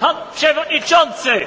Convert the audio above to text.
Pan przewodniczący!